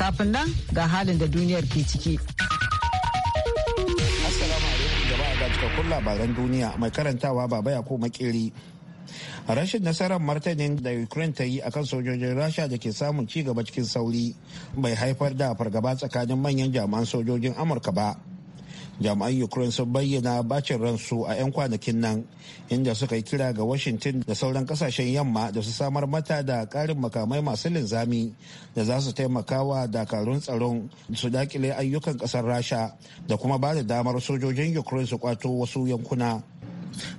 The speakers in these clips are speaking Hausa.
Kafin nan ga halin da duniyar ke ciki. Assalamu a ga cikakkun labaran duniya mai karantawa baba ya ko makeri. rashin nasarar martanin da ukraine ta yi akan sojojin rasha da ke samun ci gaba cikin sauri bai haifar da fargaba tsakanin manyan jami'an sojojin amurka ba jami'an ukraine sun bayyana bacin ransu a 'yan kwanakin nan inda suka yi kira ga washington da sauran kasashen yamma da su samar mata da karin makamai masu linzami da za su taimaka wa dakarun tsaron su dakile ayyukan kasar rasha da kuma ba da damar sojojin ukraine su kwato wasu yankuna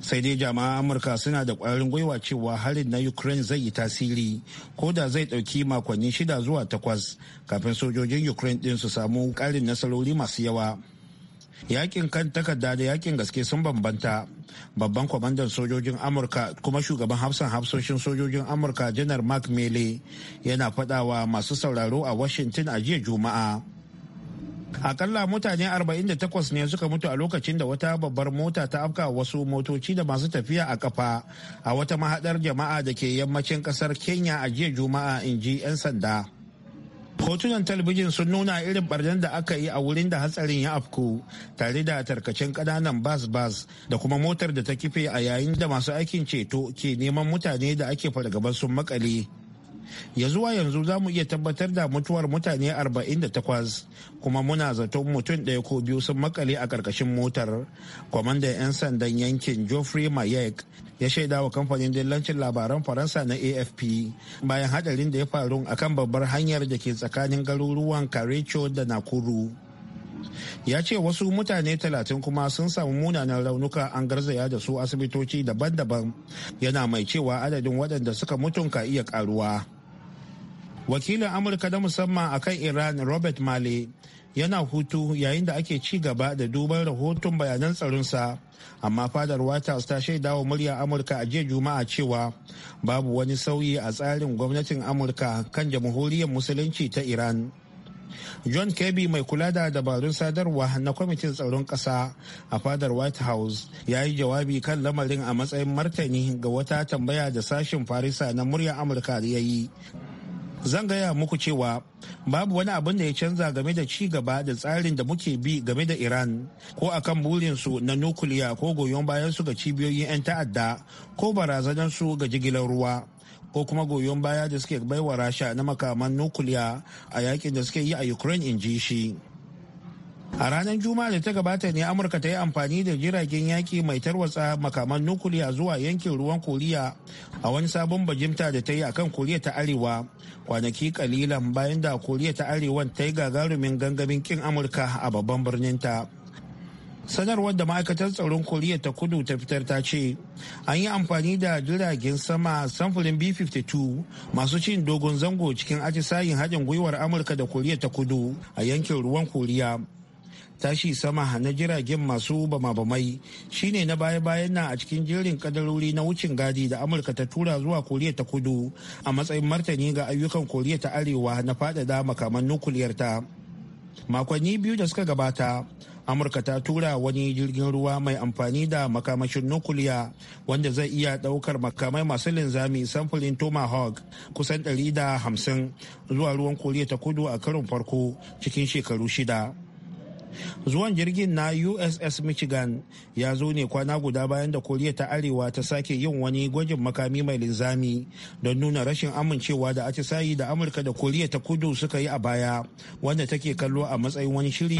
sai dai jama'a amurka suna da kwarin gwiwa cewa harin na ukraine zai yi tasiri ko da zai dauki makonni shida zuwa takwas kafin sojojin ukraine din su samu karin nasarori masu yawa yakin kan takarda da yakin gaske sun bambanta babban kwamandan sojojin amurka kuma shugaban hafsan hafsoshin sojojin amurka janar mark mele yana fadawa masu sauraro a washington a jiya juma'a akalla mutane 48 ne suka mutu a lokacin da wata babbar mota ta afka wasu motoci da masu tafiya a kafa a wata mahadar jama'a da ke yammacin kasar kenya a jiya juma'a in ji 'yan sanda hotunan talabijin sun nuna irin barnan da aka yi a wurin da hatsarin ya afku tare da tarkacen kananan bas bas da kuma motar da ta kife a yayin da masu aikin ceto ke neman mutane da ake fargabar sun makale ya zuwa yanzu za mu iya tabbatar da mutuwar mutane 48 kuma muna zaton mutum ɗaya ko biyu sun makale a ƙarƙashin motar kwamandan 'yan sandan yankin geoffrey mayek ya shaida wa kamfanin dillancin labaran faransa na afp bayan hadarin da ya faru akan babbar hanyar da ke tsakanin garuruwan karecho da nakuru ya ce wasu mutane talatin kuma sun samu munanan raunuka an garzaya da su asibitoci daban-daban yana mai cewa adadin waɗanda suka mutun ka iya ƙaruwa. wakilin amurka na musamman akan iran robert male yana hutu yayin da ake ci gaba da duban rahoton bayanan tsaronsa amma fadar white house ta shaida wa murya amurka a jiya juma'a cewa babu wani sauyi a tsarin gwamnatin amurka kan jamhuriyar musulunci ta iran john kirby mai kula da dabarun sadarwa na kwamitin tsaron ƙasa a fadar white house ya yi jawabi kan lamarin a matsayin martani ga wata tambaya da sashen farisa na murya amurka ya yi zan gaya muku cewa babu wani abin da ya canza game da ci gaba da tsarin da muke bi game da iran ko akan burinsu na nukuliya ko goyon bayan su ga cibiyoyin 'yan ta'adda ko su ga jigilar ruwa ko kuma goyon baya da suke baiwa rasha na makaman nukuliya a yakin da suke yi a ukraine in ji shi a ranar juma'a da ta gabata ne amurka ta yi amfani da jiragen yaki mai tarwatsa makaman nukuliya zuwa yankin ruwan koriya a wani sabon bajimta da ta yi akan koriya ta arewa kwanaki kalilan bayan da koriya ta arewa, ta yi gagarumin gangamin kin amurka a babban birninta sanarwar da ma'aikatar tsaron koriya ta kudu ta fitar ta ce an yi amfani da jiragen sama samfurin b-52 masu cin dogon zango cikin atisayin haɗin gwiwar amurka da koriya ta kudu a yankin ruwan koriya tashi sama na jiragen masu bama-bamai shine na baya-bayan na a cikin jerin kadarori na wucin gadi da amurka ta tura zuwa koriya ta kudu a matsayin martani ga ayyukan koriya ta arewa na faɗaɗa makaman nukuliyar ta makonni biyu da suka gabata amurka ta tura wani jirgin ruwa mai amfani da makamashin nukuliya wanda zai iya daukar makamai masu linzami samfurin tomahawk kusan 150 zuwa ruwan koriya ta kudu a karin farko cikin shekaru shida zuwan jirgin na uss michigan ya zo ne kwana guda bayan da koriya ta arewa ta sake yin wani gwajin makami mai linzami don nuna rashin amincewa da atisayi da amurka da koriya ta kudu suka yi a baya wanda take kallo a matsayin wani shiri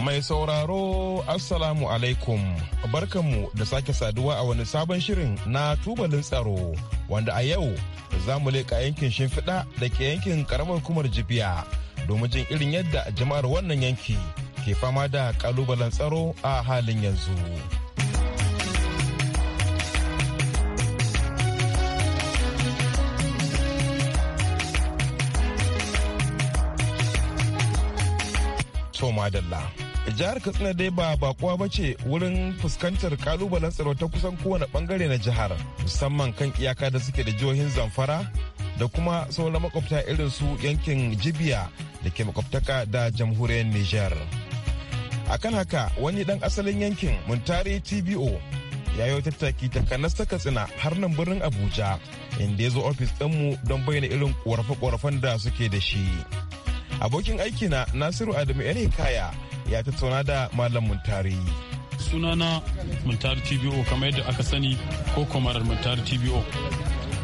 Mai sauraro Assalamu alaikum barkanmu da sake saduwa a wani sabon shirin na tubalin tsaro wanda a yau za mu leƙa yankin shimfiɗa da ke yankin ƙaramar kumar jibiya domin jin irin yadda jama'ar wannan yanki ke fama da ƙalubalen tsaro a halin yanzu. Toma jihar katsina dai ba bakuwa ba ce wurin fuskantar kalubalen tsaro ta kusan kowane bangare na jihar musamman kan iyaka da suke da jihohin zamfara da kuma sauran makwabta irin su yankin jibiya da ke makwabtaka da jamhuriyar niger akan haka wani dan asalin yankin muntari tbo ya yi tattaki takanas ta katsina har nan birnin abuja inda ya zo ofis ɗinmu don bayyana irin ƙorafe-ƙorafen da suke da shi Abokin aikina Nasiru Adamu Yane Kaya ya tattauna da Malam Muntari. Sunana Muntari TBO kamar yadda aka sani ko kwamarar Muntari TBO.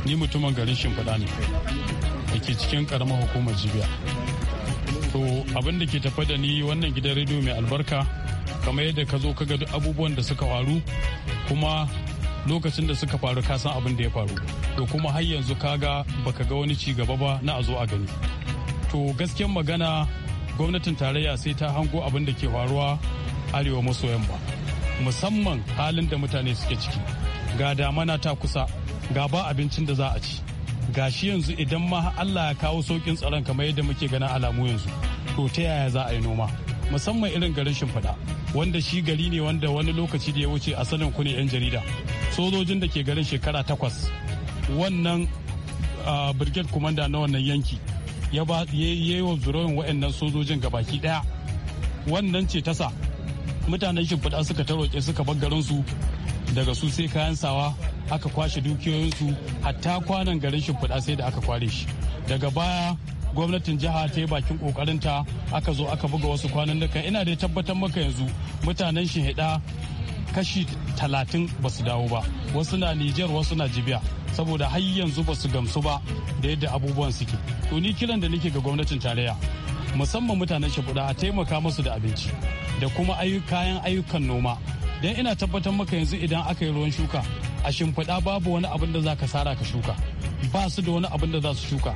Ni mutumin garin Shimfiɗa ne da ke cikin ƙaramar hukumar Jibiya. To abin da ke tafa da ni wannan gidan rediyo mai albarka kamar yadda ka zo ka ga abubuwan da suka faru kuma lokacin da suka faru ka san abin da ya faru to kuma har yanzu kaga baka ga wani ci gaba ba na a zo a gani to gaskiyan magana gwamnatin tarayya sai ta hango abin da ke faruwa arewa maso yamma musamman halin da mutane suke ciki ga damana ta kusa ga ba abincin da za a ci ga shi yanzu idan ma allah ya kawo saukin tsaron kamar yadda muke gana alamu yanzu to ta yaya za a yi noma musamman irin garin shimfiɗa wanda shi gari ne wanda wani lokaci da ya wuce a sanin ku ne 'yan jarida sojojin da ke garin shekara takwas wannan ah, brigade kumanda na wannan yanki ya ba yi wa zuroyin waɗannan sojojin gabaki ɗaya wannan ce ta sa mutanen shimfiɗa suka roƙe suka bar su daga su sai kayan sawa aka kwashe dukiyoyinsu hatta kwanan garin shimfiɗa sai da aka kware shi daga baya gwamnatin jiha ta yi bakin kokarinta aka zo aka buga wasu kwanan ina da tabbatar maka yanzu mutanen shihida kashi talatin ba su dawo ba wasu na nijar wasu na jibiya saboda har yanzu ba su gamsu ba da yadda abubuwan suke to ni kiran da nake ga gwamnatin tarayya musamman mutanen shaguda a taimaka musu da abinci da kuma kayan ayyukan noma don ina tabbatar maka yanzu idan aka yi ruwan shuka a shimfiɗa babu wani abin da za ka sara ka shuka ba su da wani abin da za su shuka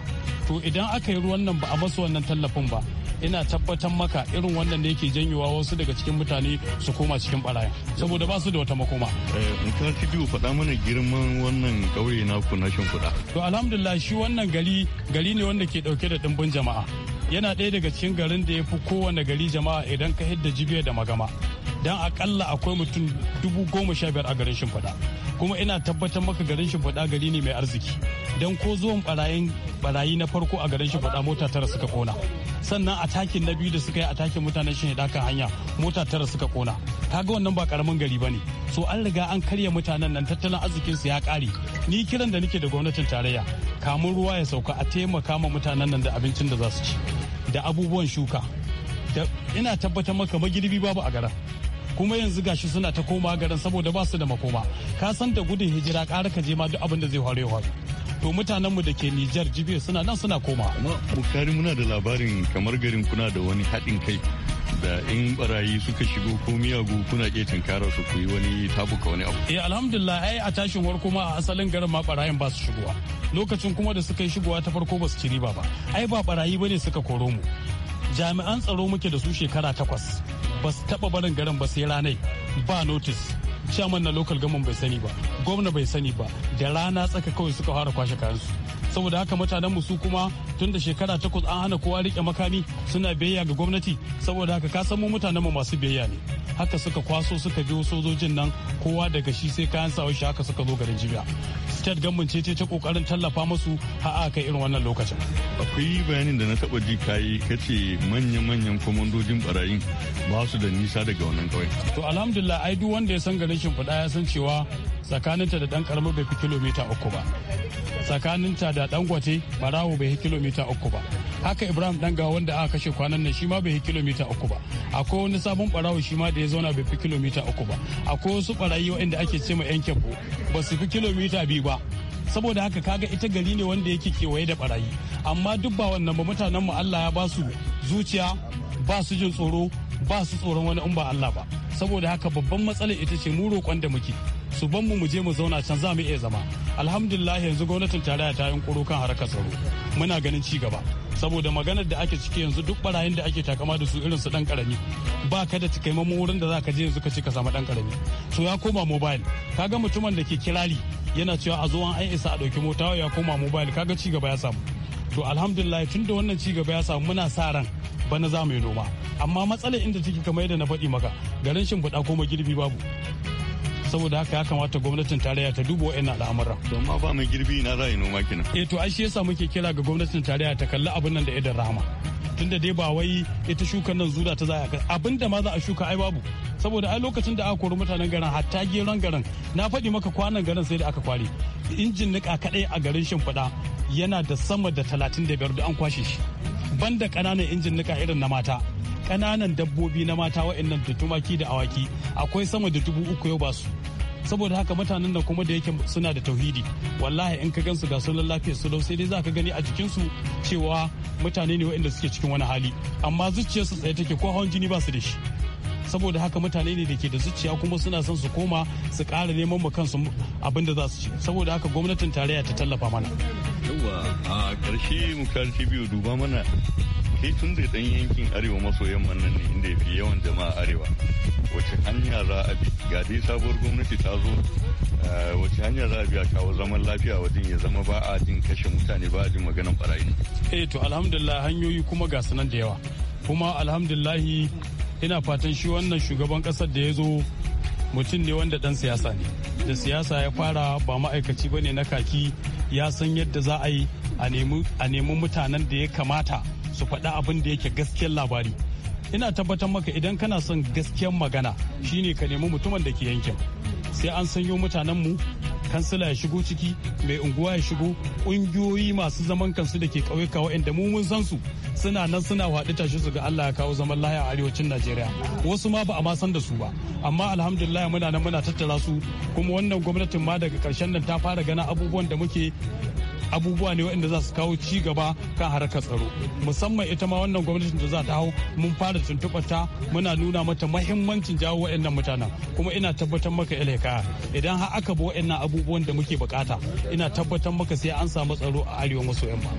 to idan aka yi ruwan nan ba a masu wannan tallafin ba ina tabbatar maka irin wannan da yake janyowa wasu daga cikin mutane su koma cikin baraya saboda ba su da wata makoma. Eh, ci biyu faɗa mana girman wannan ƙauye ku na shimfiɗa. To alhamdulillah shi wannan gari gari ne wanda ke ɗauke da ɗimbin jama'a. Yana ɗaya daga cikin garin da ya fi kowane gari jama'a idan ka hidda jibiya da magama. don akalla akwai mutum dubu goma sha biyar a garin shimfiɗa kuma ina tabbatar maka garin shimfiɗa gari ne mai arziki don ko zuwan barayi na farko a garin shimfiɗa mota tara suka kona sannan a takin na biyu da suka yi a takin mutanen da kan hanya mota tara suka kona kaga wannan ba karamin gari ba ne so an riga an karya mutanen nan tattalin arzikin su ya kare ni kiran da nake da gwamnatin tarayya kamun ruwa ya sauka a taimaka ma mutanen nan da abincin da za su ci da abubuwan shuka ina tabbatar maka magirbi babu a garin kuma yanzu gashi suna ta koma garin saboda ba su da makoma ka san da gudun hijira ƙara ka je ma duk abin da zai faru ya to mutanen mu da ke Nijar jibe suna nan suna koma amma bukari muna da labarin kamar garin kuna da wani haɗin kai da in barayi suka shigo ko miyagu kuna iya su ku yi wani tabuka wani abu. Eh alhamdulillah ai a tashin war kuma a asalin garin ma barayin ba su shigowa. Lokacin kuma da suka yi shigowa ta farko ba su ci riba ba. Ai ba barayi bane suka koro mu. Jami'an tsaro muke da su shekara takwas. ba su taɓa barin garin ba sai ranai ba notice chairman na local government bai sani ba gwamna bai sani ba da rana tsaka kawai suka fara kwashe kayansu saboda haka mutanen mu su kuma tun da shekara takwas an hana kowa rike makami suna biyayya ga gwamnati saboda haka ka san mu mutanen mu masu biyayya ne haka suka kwaso suka biyo sojojin nan kowa daga shi sai kayan sawa shi haka suka zo garin jibiya state gamban ce ta kokarin tallafa musu har aka irin wannan lokacin akwai bayanin da na taba ji kai kace manya-manyan komandojin barayin ba su da nisa daga wannan kawai to alhamdulillah ai duk wanda ya san garin shimfiɗa ya san cewa tsakaninta da dan karamar bai fi kilomita uku ba tsakaninta da da dangote barawo bai yi kilomita uku ba haka ibrahim danga wanda aka kashe kwanan nan shi ma bai yi kilomita uku ba akwai wani sabon barawo shi ma da ya zauna bai fi kilomita uku ba akwai wasu barayi waɗanda ake ce ma yan kyambo ba su fi kilomita biyu ba saboda haka kaga ita gari ne wanda yake kewaye da barayi amma duk ba wannan ba mutanen mu Allah ya ba su zuciya ba su jin tsoro ba su tsoron wani in ba Allah ba saboda haka babban matsalar ita ce mu roƙon da muke su ban mu je mu zauna can za mu iya zama alhamdulillah yanzu gwamnatin tarayya ta yunkuro kan harkar tsaro muna ganin ci gaba saboda maganar da ake ciki yanzu duk barayin da ake takama da su irin su dan karami ba ka da takamaiman wurin da zaka je yanzu ka ci ka samu dan karami to ya koma mobile kaga mutumin da ke kirari yana cewa a zo an isa a dauki mota ya koma mobile kaga ci gaba ya samu to alhamdulillah tun da wannan ci gaba ya samu muna sa ran bana za mu yi noma amma matsalar inda take kamar yadda na faɗi maka garin shimfiɗa ko girbi babu saboda haka ya kamata gwamnatin tarayya ta duba wa'in al'amuran. to amma ba mai girbi na ra'ayi noma kenan. eh to ai shi yasa muke kira ga gwamnatin tarayya ta kalli abin nan da idan rahama tunda dai ba wai ita shukan nan zuda ta zaya kai abin da ma za a shuka ai babu saboda ai lokacin da aka kori mutanen garin hatta geron garin na faɗi maka kwanan garin sai da aka kware injin niƙa kaɗai a garin shimfiɗa yana da sama da talatin da biyar da an kwashe shi banda ƙananan injin niƙa irin na mata kananan dabbobi na mata waɗannan da tumaki da awaki akwai sama da dubu uku yau ba su saboda haka mutanen da kuma da yake suna da tauhidi wallahi in ka gansu ga sunan lafiyar su sai dai za ka gani a jikinsu cewa mutane ne waɗanda suke cikin wani hali amma zuciyarsu tsaye take ko hawan jini ba su da shi saboda haka mutane ne da ke da zuciya kuma suna son su koma su ƙara neman ma kansu abin da za su ci saboda haka gwamnatin tarayya ta tallafa mana yawa a ƙarshe mu biyu duba mana shi tun da dan yankin arewa maso yamman nan ne inda fi yawan jama'a arewa wace hanya za a bi ga dai sabuwar gwamnati ta zo eh, wace hanya za a bi a kawo zaman lafiya wajen ya zama ba a jin kashe mutane ba a jin maganan barayi eh to alhamdulillah hanyoyi kuma ga sanan da yawa kuma alhamdulillah ina fatan shi wannan shugaban kasar da ya zo mutum ne wanda dan siyasa ne da siyasa ya fara ba ma'aikaci ba na kaki ya san yadda za a yi a nemi mutanen da ya kamata su faɗi abin da yake gaskiyar labari ina tabbatar maka idan kana son gaskiyar magana shine ka nemi mutumin da ke yankin sai an sanyo mutanenmu kansila ya shigo ciki mai unguwa ya shigo ƙungiyoyi masu zaman kansu da ke ƙauyuka waɗanda mu mun san su suna nan suna haɗu tashi su ga Allah ya kawo zaman laya a arewacin Najeriya wasu ma ba a ma san da su ba amma alhamdulillah muna nan muna tattara su kuma wannan gwamnatin ma daga karshen nan ta fara gana abubuwan da muke abubuwa ne waɗanda za su kawo ci gaba kan harkar tsaro musamman ita ma wannan gwamnatin da za ta hau mun fara tuntuɓar ta muna nuna mata mahimmancin jawo waɗannan mutanen kuma ina tabbatar maka ilaika idan har aka bi waɗannan abubuwan da muke bukata ina tabbatar maka sai an samu tsaro a arewa maso yamma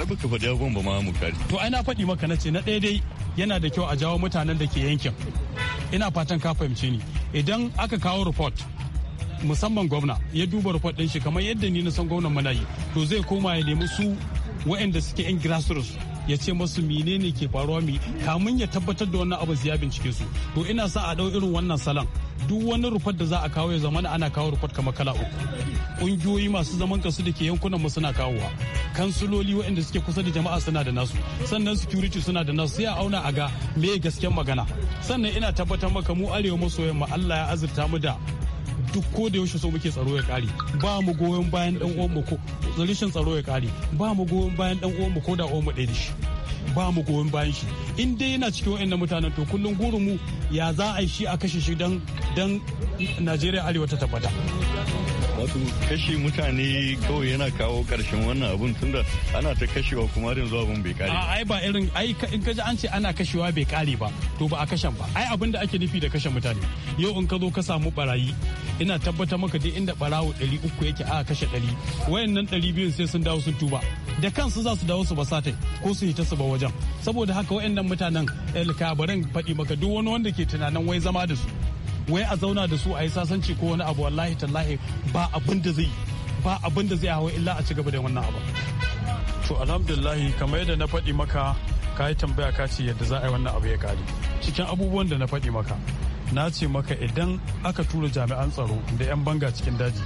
ai baka faɗi abubuwan ba ma mu to ai na faɗi maka na ce na ɗaya yana da kyau a jawo mutanen da ke yankin ina fatan ka fahimce ni idan aka kawo report musamman gwamna ya duba rufar din shi kamar yadda ni na san gwamnan mana yi to zai koma ya nemi su waɗanda suke yan grassroots ya ce masu menene ke faruwa mi kamun ya tabbatar da wannan abu ya bincike su to ina sa a dau irin wannan salon duk wani rufar da za a kawo ya zamana ana kawo rufar kamar kala uku ƙungiyoyi masu zaman kansu da ke yankunan mu suna kawowa kansuloli waɗanda suke kusa da jama'a suna da nasu sannan security suna da nasu sai auna a ga me gasken magana sannan ina tabbatar maka mu arewa maso yamma Allah ya azurta mu da duk ko da yaushe so muke tsaro ya kare ba mu goyon bayan dan uwan mu ko zalishin tsaro ya kare ba mu goyon bayan dan uwan mu ko da uwan mu ɗaya shi ba mu goyon bayan shi in dai yana cikin wa'annan mutanen to kullum gurin mu ya za a yi shi a kashe shi dan dan Najeriya Arewa ta tabbata wato kashe mutane kawai yana kawo karshen wannan abun tunda ana ta kashewa kuma yanzu abun bai kare ai ba irin ai in kaji an ce ana kashewa bai kare ba to ba a kashen ba ai abin da ake nufi da kashe mutane yau in ka zo ka samu barayi ina tabbatar maka dai inda barawo 300 yake a kashe 100 wayannan 200 sai sun dawo sun tuba da kansu za su dawo su basatai ko su ta su ba wajen saboda haka wayannan mutanen barin faɗi maka duk wani wanda ke tunanin wai zama da su wai a zauna da su a yi sasanci ko wani abu wallahi tallahi ba abin da zai ba abin da zai hawa illa a ci gaba da wannan abu to alhamdulillah kamar yadda na faɗi maka ka tambaya ka ce yadda za a yi wannan abu ya kare cikin abubuwan da na faɗi maka na ce maka idan aka tura jami'an tsaro da 'yan banga cikin daji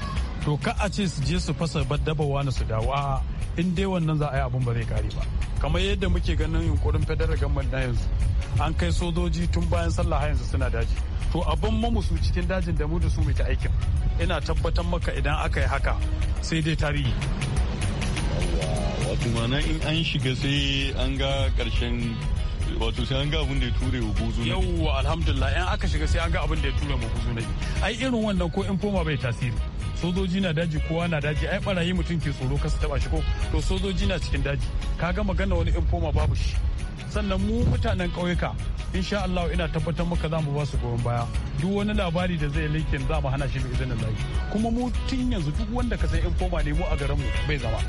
to ka a ce su je su fasa baddabawa na su dawo a in dai wannan za a yi abun ba zai kare ba kamar yadda muke ganin yunkurin federal government na yanzu an kai sojoji tun bayan sallah yanzu suna daji to abin su cikin dajin da mu da su mu ta aikin ina tabbatar maka idan aka yi haka sai dai tarihi wato mana in an shiga sai an ga karshen wato sai an ga abin da ya ture wa buzu ne yawwa alhamdulillah in aka shiga sai an ga abin da ya ture wa buzu ne ai irin wannan ko in foma bai tasiri sojoji na daji kowa na daji ai barayi mutum ke tsoro kasu taba shi ko to sojoji na cikin daji ka ga magana wani in foma babu shi sannan mu mutanen ƙauyuka insha Allah ina tabbatar maka za mu ba su goyon baya duk wani labari da zai linkin za mu hana shi bi izinin Allah kuma mu tun yanzu duk wanda ka san koma ne mu a garin mu bai zama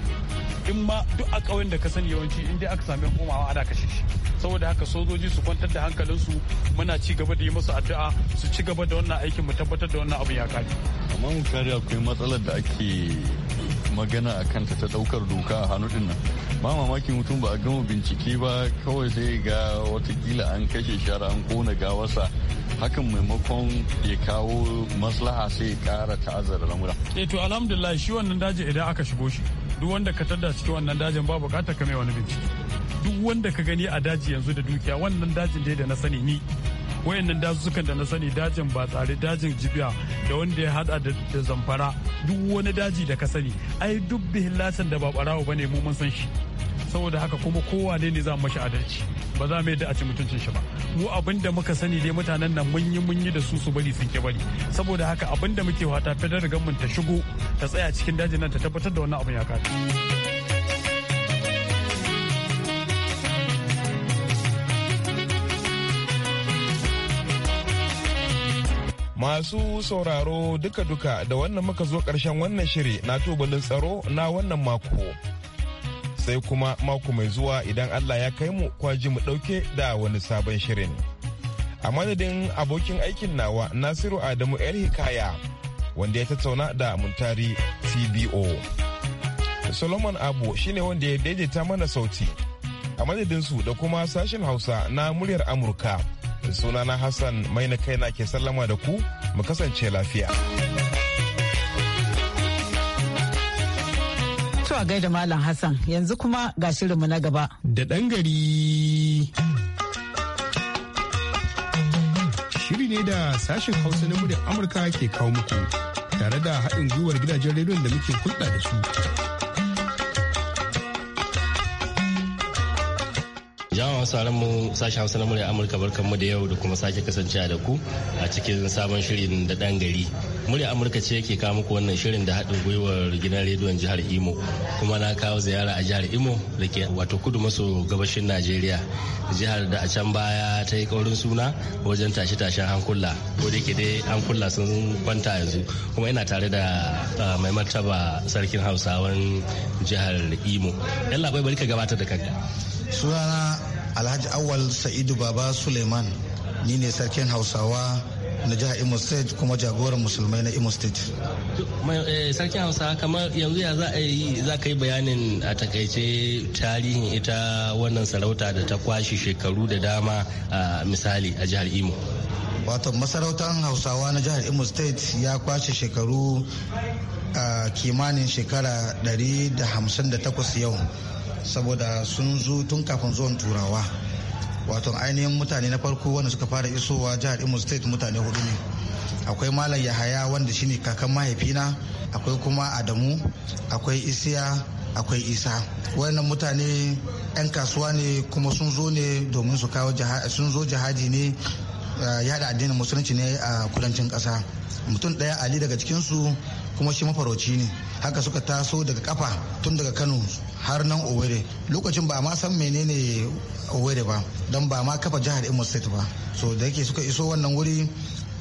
in ma duk a ƙauyen da ka sani yawanci in dai aka sami komawa ana kashe shi saboda haka sojoji su kwantar da hankalinsu muna ci gaba da yi musu addu'a su ci gaba da wannan aikin mu tabbatar da wannan abin ya amma mu kare akwai matsalar da ake magana a kanta ta daukar doka a hannu din nan ba mamakin mutum ba a gama bincike ba kawai sai ga watakila an kashe shara an kona gawarsa hakan maimakon ya kawo maslaha sai ya kara ta'azzara lamura. eh to alhamdulillah shi wannan dajin idan aka shigo shi duk wanda ka tadda cikin wannan dajin ba bukatar ka mai wani bincike duk wanda ka gani a daji yanzu da dukiya wannan dajin dai da na sani ni wayannan dazuzzukan da na sani dajin ba tsare dajin jibiya da wanda ya hada da zamfara duk wani daji da ka sani ai duk bihin lasan da ba barawo bane mu mun san shi saboda haka kuma kowa ne za mashi adalci ba za mu yadda a ci mutuncin shi ba mu abin da muka sani dai mutanen nan mun yi mun yi da su su bari sun ke bari saboda haka abin da muke wata federal government ta shigo ta tsaya cikin dajin nan ta tabbatar da wannan abin ya kare Masu sauraro duka-duka da wannan muka zo ƙarshen wannan shiri na tubalin tsaro na wannan mako. sai kuma mako mai zuwa idan Allah ya kai mu kwaji mu ɗauke da wani sabon shirin. A madadin abokin aikin nawa Nasiru Adamu ‘yar hikaya wanda ya tattauna da Muntari CBO. Solomon Abu shine wanda ya daidaita mana sauti. A madadin su da kuma sashen Hausa na muryar Amurka. Sunana Hassan mai na kaina ke sallama da ku mu kasance lafiya. To a gaida Malam Hassan yanzu kuma ga shirinmu na gaba. Da ɗan gari. Shiri ne da sashen Hausa na muryar Amurka ke kawo muku tare da haɗin gwiwar gidajen rediyon da muke hulɗa da su. jama'a masu mu sashen hausa na murya amurka barkan mu da yau da kuma sake kasancewa da ku a cikin sabon shirin da dan gari murya amurka ce ke kawo muku wannan shirin da haɗin gwiwar gidan rediyon jihar imo kuma na kawo ziyara a jihar imo da ke wato kudu maso gabashin najeriya jihar da a can baya ta yi kaurin suna wajen tashe-tashen hankula ko da ke dai hankula sun kwanta yanzu kuma ina tare da mai martaba sarkin hausawan jihar imo yalla bai bari ka gabatar da kanka sunana alhaji awal sa'idu baba suleiman ni ne sarkin hausawa na jihar imo state kuma jagoran musulmai na imo state eh, sarkin hausawa kamar yanzu ya za a yi za bayanin a takaice tarihin ita wannan sarauta da ta kwashe shekaru da dama a misali a jihar imo wato masarautar hausawa na jihar imo state ya kwashe shekaru kimanin shekara 158 yau saboda sun zo tun kafin zuwan turawa wato ainihin mutane na farko wanda suka fara isowa jihar imo state mutane hudu ne akwai malam yahaya wanda shine kakan mahaifina akwai kuma adamu akwai isiya akwai isa wannan mutane 'yan kasuwa ne kuma sun zo ne domin su kawo jihadi ne eh, yada addinin musulunci ne a kudancin kasa mutum daya ali daga cikinsu kuma shi mafarauci ne haka suka taso daga kafa tun daga kano har nan owerri lokacin ba ma san menene owerri ba don ba ma kafa jihar imo state ba so da yake suka iso wannan wuri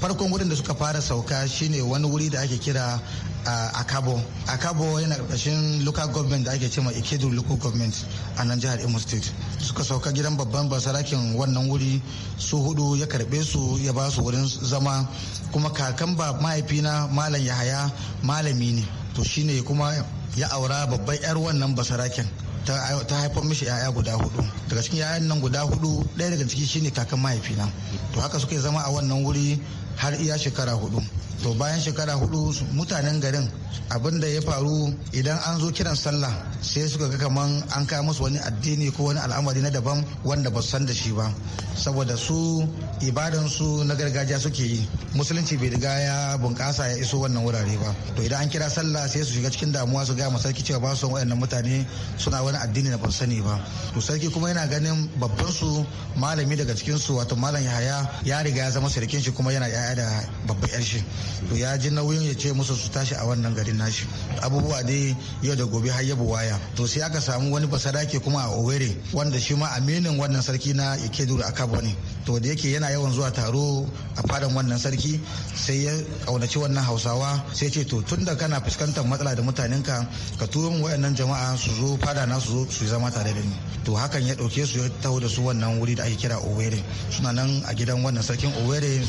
farkon wurin da suka fara sauka shine wani wuri da ake kira uh, akabo akabo yana karkashin local government da ake cewa ikedu local government a nan jihar imo state suka sauka gidan babban basarakin wannan wuri su hudu ya karbe su ya ba su wurin zama kuma kakan ba mahaifina malam yahaya malami ne to shine kuma ya aura babban yar wannan basarakin ta haifar mishi 'ya'ya guda hudu daga cikin 'ya'yan nan guda hudu ɗaya daga ciki shine kakan mahaifina to haka suke zama a wannan wuri har iya shekara hudu to bayan shekara hudu mutanen garin abin da ya faru idan an zo kiran sallah sai suka ga kaman an kawo musu wani addini ko wani al'amari na daban wanda ba san da shi ba saboda su ibadan su na gargajiya suke yi musulunci bai riga ya bunkasa ya iso wannan wurare ba to idan an kira sallah sai su shiga cikin damuwa su gaya ma sarki cewa ba su wayannan mutane suna wani addini da ban sani ba to sarki kuma yana ganin babban su malami daga cikin su wato malam Yahaya ya riga ya zama sarkin shi kuma yana yaya da babban yar shi to ya ji nauyin ya ce musu su tashi a wannan garin nashi abubuwa dai yau da gobe har ya buwaya to sai aka samu wani basarake kuma a owere wanda shi ma aminin wannan sarki na Ikeduru Akabo ne to da yake yana yawan zuwa taro a fadan wannan sarki sai ya kaunaci wannan hausawa sai ce to tun da kana fuskantar matsala da mutanenka ka turo min wayannan jama'a su zo fada na su zo su zama tare da ni to hakan ya dauke su ya taho da su wannan wuri da ake kira Owerri suna nan a gidan wannan sarkin Owerri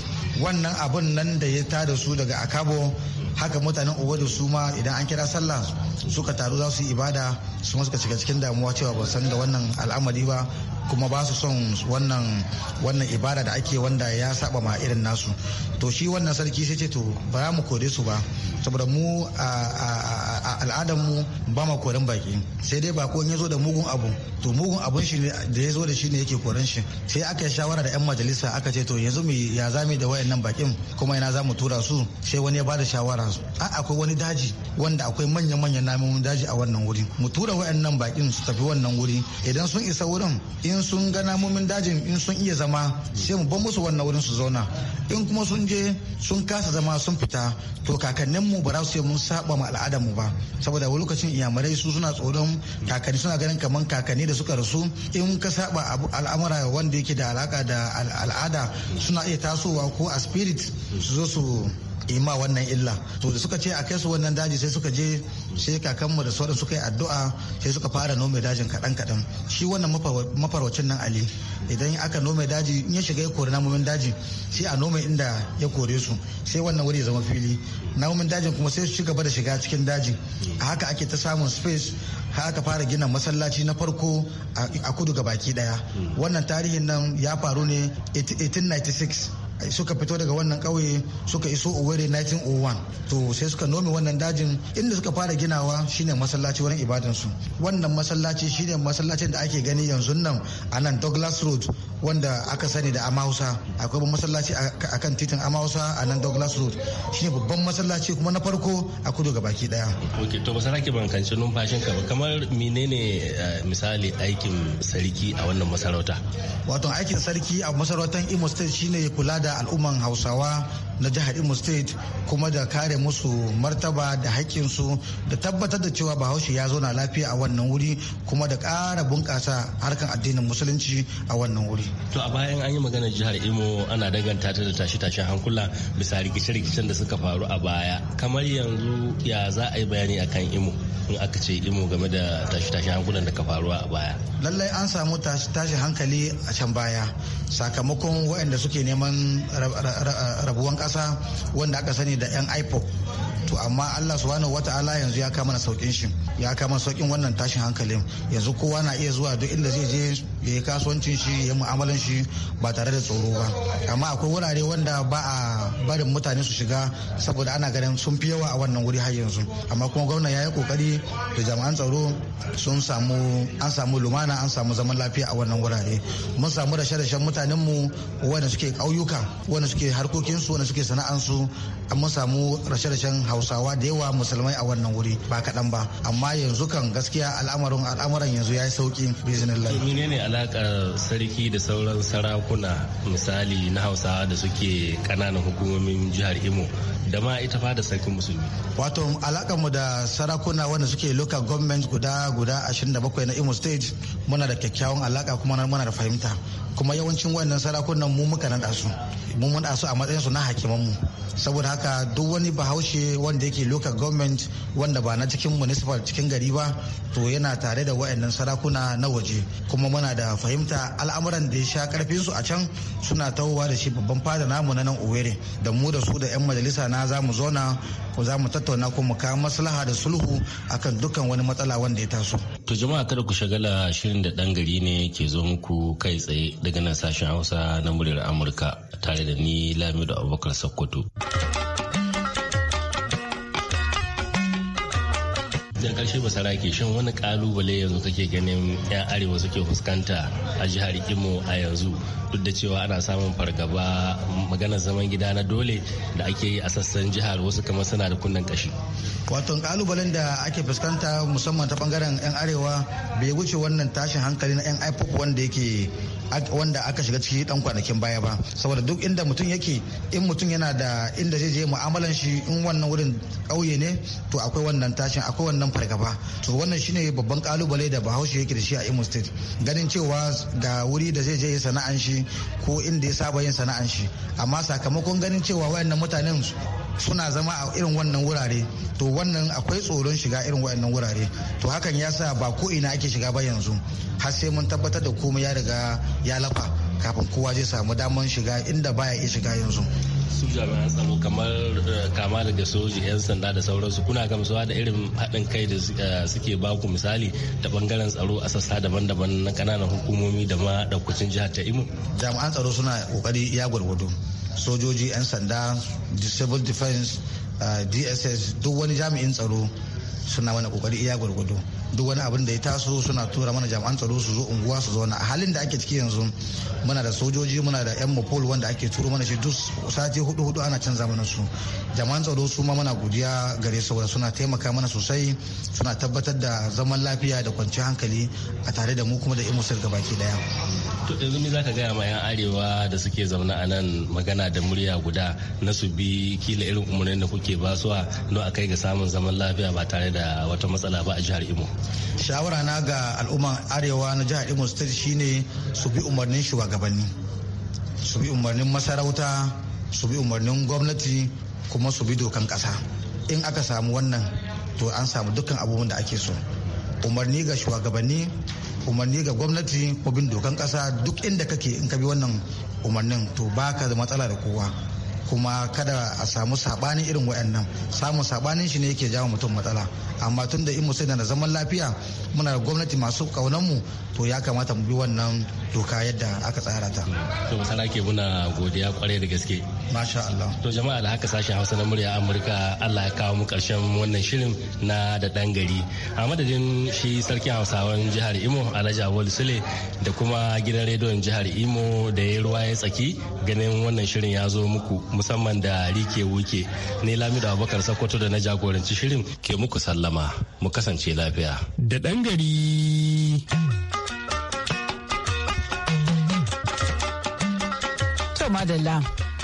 wannan abun nan da ya ta da su daga Akabo haka mutanen Owerri su ma idan an kira sallah suka taro za su yi ibada su ma suka shiga cikin damuwa cewa ba san da wannan al'amari ba kuma ba su son wannan wannan ibada da ake wanda ya saba ma irin nasu to shi wannan sarki sai ce to ba mu kore su ba saboda mu a al'adar mu ba ma koren baki sai dai bako ya zo da mugun abu to mugun abun shi da ya zo da shi ne yake koren shi sai aka shawara da yan majalisa aka ce to yanzu mu ya zame da wayannan bakin kuma ina za mu tura su sai wani ya bada shawara a akwai wani daji wanda akwai manya manyan namun daji a wannan wuri mu tura wayannan bakin su tafi wannan wuri idan sun isa wurin in sun ga namomin dajin in sun iya zama sai mu bar musu wannan wurin su zauna in kuma sun je sun kasa zama sun fita to kakannin mu ba za su mun saba ma al'adar mu ba saboda wani lokacin iyamarai su suna tsoron kakanni suna ganin kaman kakanni da suka rasu in ka saba al'amura wanda yake da alaka da al'ada suna iya tasowa ko a spirit su zo su ma wannan illa to da suka ce a kai su wannan daji sai suka je sai kakanmu da sauran suka yi addu'a sai suka fara nome dajin kaɗan kaɗan shi wannan mafarwacin nan ali idan aka nome daji in ya shiga ya kori namomin daji sai a nome inda ya kore su sai wannan wuri ya zama fili namomin dajin kuma sai su ci gaba da shiga cikin daji a haka ake ta samun space har aka fara gina masallaci na farko a kudu ga baki daya wannan tarihin nan ya faru ne 1896 suka fito daga wannan ƙauye suka iso Owerri 1901 to sai suka nome wannan dajin inda suka fara ginawa shine masallaci wurin ibadan su wannan masallaci shine masallacin da ake gani yanzu nan a nan Douglas Road wanda aka sani da Amausa akwai babban masallaci a kan titin Amausa a nan Douglas Road shine babban masallaci kuma na farko a kudu ga baki daya okay to ba ke ban numfashin ka ba kamar menene eh, misali aikin sarki a wannan masarauta wato aikin sarki a masarautar Imo State shine kula da al'umman hausawa na jihar Imo State kuma da kare musu martaba da haƙƙinsu da tabbatar da cewa Bahaushe ya zo na lafiya a wannan wuri kuma da ƙara bunƙasa harkan addinin musulunci a wannan wuri. To a bayan an yi magana jihar Imo ana danganta ta da tashe-tashen hankula bisa rikice-rikicen da suka faru a baya. Kamar yanzu ya za a yi bayani akan Imo in aka ce Imo game da tashe tashe hankulan da ka faru a baya. Lallai an samu tashi hankali a can baya sakamakon waɗanda suke neman rabuwan kasa wanda aka sani da yan ipop to amma allah subhanahu wataala yanzu ya kama na saukin shi ya kama saukin wannan tashin hankalin yanzu kowa na iya zuwa duk inda zai je ya yi kasuwancin shi ya mu'amalan shi ba tare da tsoro ba amma akwai wurare wanda ba a barin mutane su shiga saboda ana ganin sun fi yawa a wannan wuri har yanzu amma kuma gwamna ya yi kokari da jami'an tsaro sun samu an samu lumana an samu zaman lafiya a wannan wurare mun samu da sharashen mutanen mu wanda suke ƙauyuka wanda suke harkokin su wanda suke sana'ansu mun samu rashe-rashen hausawa da yawa musulmai a wannan wuri ba kaɗan ba amma amma yanzu kan gaskiya al'amarin al'amuran yanzu ya yi sauki bizinillah ne ne alakar sarki da sauran sarakuna misali na hausawa da suke kananan hukumomin jihar imo da ma ita fa da sarkin musulmi wato alakar mu da sarakuna wanda suke local government guda guda 27 na imo state muna da kyakkyawan alaka kuma muna da fahimta kuma yawancin wannan sarakunan mu muka naɗa su mu mun su a matsayin su na hakiman mu saboda haka duk wani bahaushe wanda yake local government wanda ba na cikin municipal cikin gari ba to yana tare da wayannan sarakuna na waje kuma muna da fahimta al'amuran da ya sha karfin su a can suna tawowa da shi babban fada namu na nan Owerri da mu da su da 'yan majalisa na zamu mu zauna ko zamu tattauna ko mu kawo maslaha da sulhu akan dukkan wani matsala wanda ya taso. To jama'a kada ku shagala shirin da ɗan gari ne ke zo muku kai tsaye daga nan sashen Hausa na muryar Amurka tare da ni Lamido Abubakar Sokoto. da karshe ba sarake shin wani kalubale yanzu kake ganin yan arewa suke fuskanta a jihar Kimo a yanzu duk da cewa ana samun fargaba maganar zaman gida na dole da ake yi a sassan jihar wasu kamar suna da kunnen kashi. Wato kalubalen da ake fuskanta musamman ta bangaren yan arewa bai wuce wannan tashin hankali na yan IPOP wanda yake wanda aka shiga ciki dan kwanakin baya ba saboda duk inda mutum yake in mutum yana da inda zai je mu'amalan shi in wannan wurin kauye ne to akwai wannan tashin akwai wannan fargaba to wannan shine babban kalubale da bahaushe yake da shi a imo state ganin cewa ga wuri da zai je sana'an shi ko inda ya saba yin sana'an shi amma sakamakon ganin cewa wayannan mutanen suna zama a irin wannan wurare to wannan akwai tsoron shiga irin wayannan wurare to hakan ya sa ba ko ina ake shiga ba yanzu har sai mun tabbatar da komai ya riga ya lafa kafin kowa zai samu damar shiga inda baya iya shiga yanzu su jami'an tsaro kamar eh, kama daga soji 'yan sanda da sauransu kuna gamsuwa da irin haɗin kai da eh, suke baku misali da bangaren tsaro a sassa daban-daban na kananan hukumomi da ma ɗaukacin jihar ta imo jami'an tsaro suna kokari ya gwargwado sojoji 'yan sanda civil defense eh, dss duk wani jami'in tsaro suna mana kokari iya gwargwado duk wani abin da ya taso suna tura mana jami'an tsaro su zo unguwa su zauna a halin da ake ciki yanzu muna da sojoji muna da yan mopol wanda ake turo mana shi duk sati hudu hudu ana canza mana su jami'an tsaro su ma muna godiya gare su suna taimaka mana sosai suna tabbatar da zaman lafiya da kwanciyar hankali a tare da mu kuma da imusir gabaki daya to yanzu me zaka gaya ma yan arewa da suke zaune a nan magana da murya guda na su bi kila irin umarnin da kuke basuwa don a kai ga samun zaman lafiya ba tare da da wata matsala ba a jihar Imo. Shawara na ga al'umman arewa na jihar Imo State shine su bi umarnin shugabanni, su bi umarnin masarauta, su bi umarnin gwamnati kuma su bi dokan kasa In aka samu wannan to an samu dukkan abubuwan da ake so. Umarni ga shugabanni, umarni ga gwamnati ko bin dokan kasa duk inda kake in ka bi wannan umarnin to baka da matsala da kowa. kuma kada a samu sabanin irin wayannan samun sabanin shi ne yake jawo mutum matsala amma tun da in musu da zaman lafiya muna da gwamnati masu kaunan mu to ya kamata mu bi wannan doka yadda aka tsara ta to masana ke muna godiya kwarai da gaske Masha Allah. To jama'a da haka sashen Hausa na murya Amurka Allah ya kawo mu karshen wannan shirin na da ɗan gari. A madadin shi sarkin Hausawan jihar Imo Alhaji Awol Sule da kuma gidan rediyon jihar Imo da ya ruwa ya tsaki ganin wannan shirin ya zo muku musamman da Rike Wuke. Ne Lamido Abubakar Sokoto da na jagoranci shirin ke muku sallama mu kasance lafiya. Da dan gari. madalla.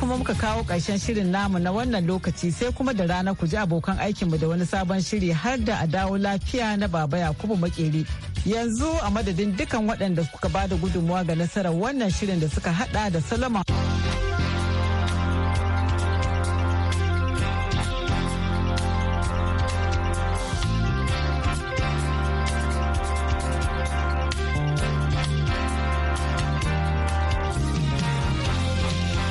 kuma muka kawo ƙarshen shirin namu na wannan lokaci sai kuma da rana ku ji abokan aikinmu da wani sabon shiri har da a dawo lafiya na baba Yakubu Makeri. Yanzu a madadin dukan waɗanda kuka bada gudunmuwa ga nasarar wannan shirin da suka hada da Salama.